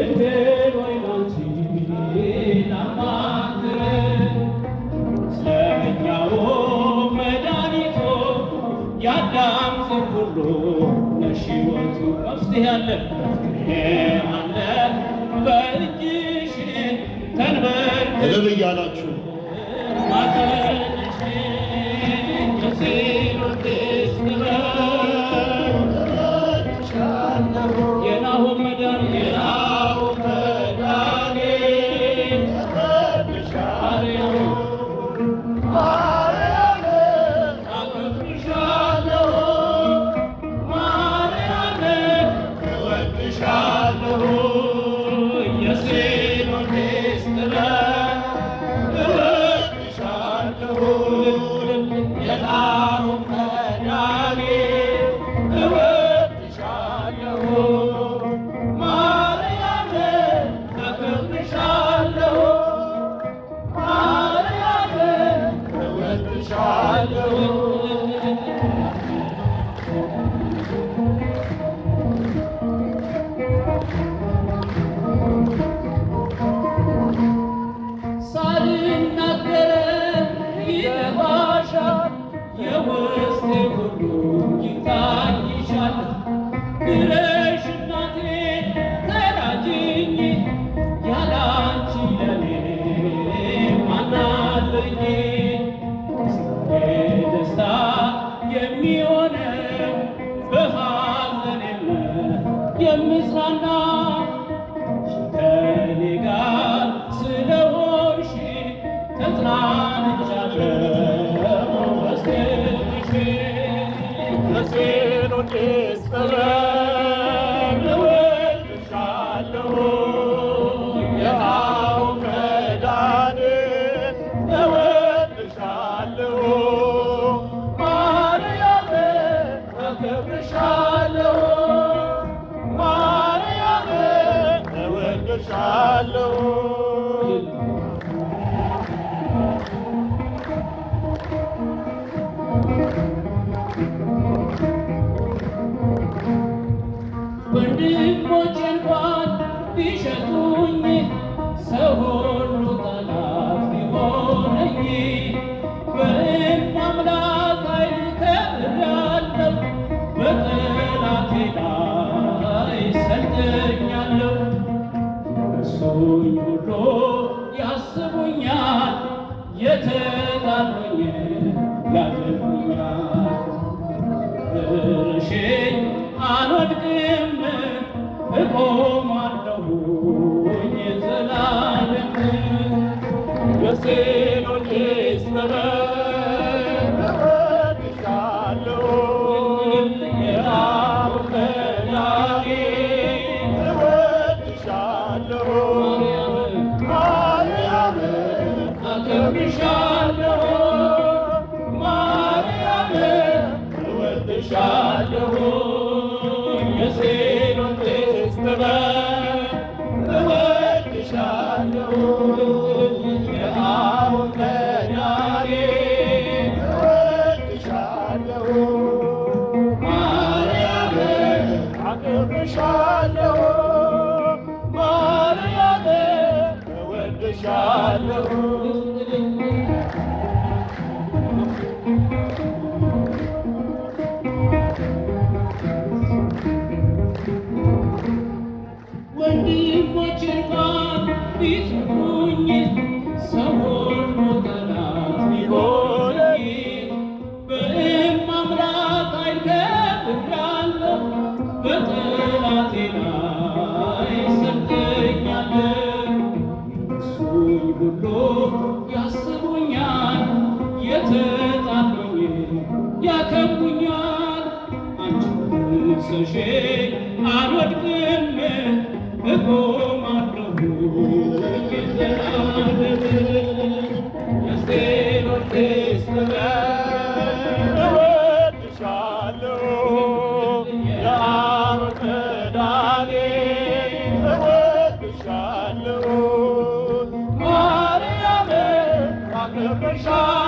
ያዳም ዘር ሁሉ ለሽወቱ መፍትሄ አለ አለ በእጅሽ ተንበርክ እልል እያላችሁ tudo que tá የዘላለም ደሴሎቼ አከብርሻለሁ ማርያም እወድሻለሁ ወንድሞች እንኳን ሰዎች ያከቡኛል አንቺን ጥሰሽ አልወድቅም እቆማለሁ Shine.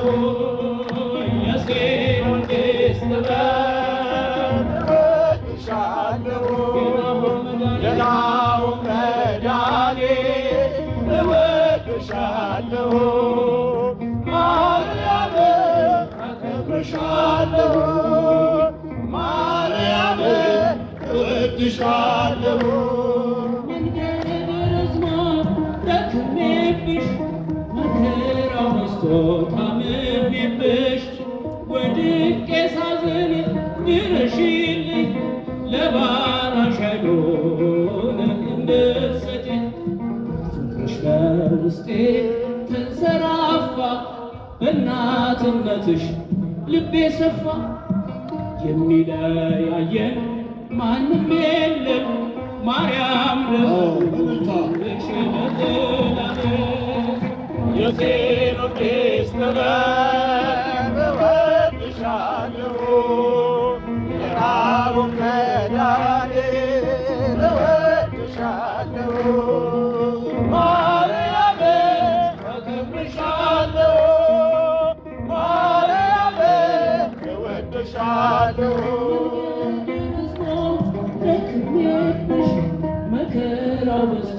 በእናትነትሽ ልቤ ሰፋ የሚለያየን ማንም የለም ማርያም ለሽ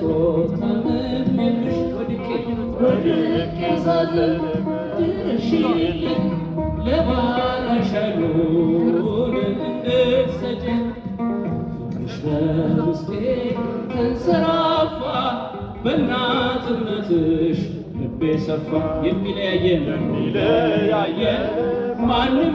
ክርስቶስ ታመልሽ ወድቄ ወድቄ ሳለ ድርሽልኝ ለባላሻሉን እንድትሰጪ ፍቅርሽ በውስጤ ተንሰራፋ በእናትነትሽ ልቤ ሰፋ የሚለያየን የሚለያየን ማንም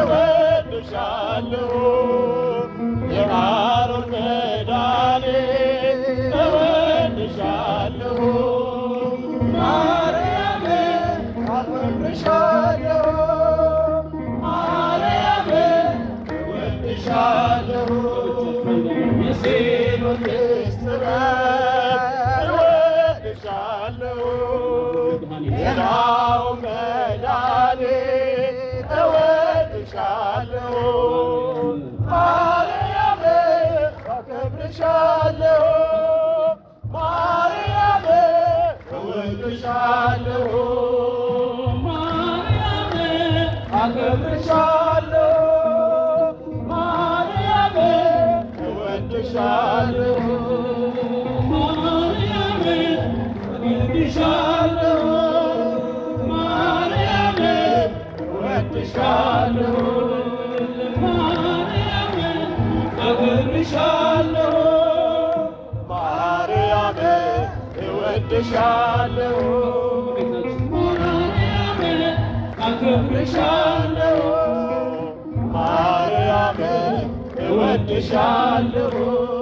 እወድሻለሁ የአሮን መድኃኒት እወድሻለሁ ማርያም አከብርሻለሁ ማርያም አከብርሻለሁ ማርያም እወድሻለሁ ማርያም አከብርሻለሁ ማርያም እወድሻለሁ ማርያም ማርያም እወድሻለሁ አከብርሻለሁ ማርያም እወድሻለሁ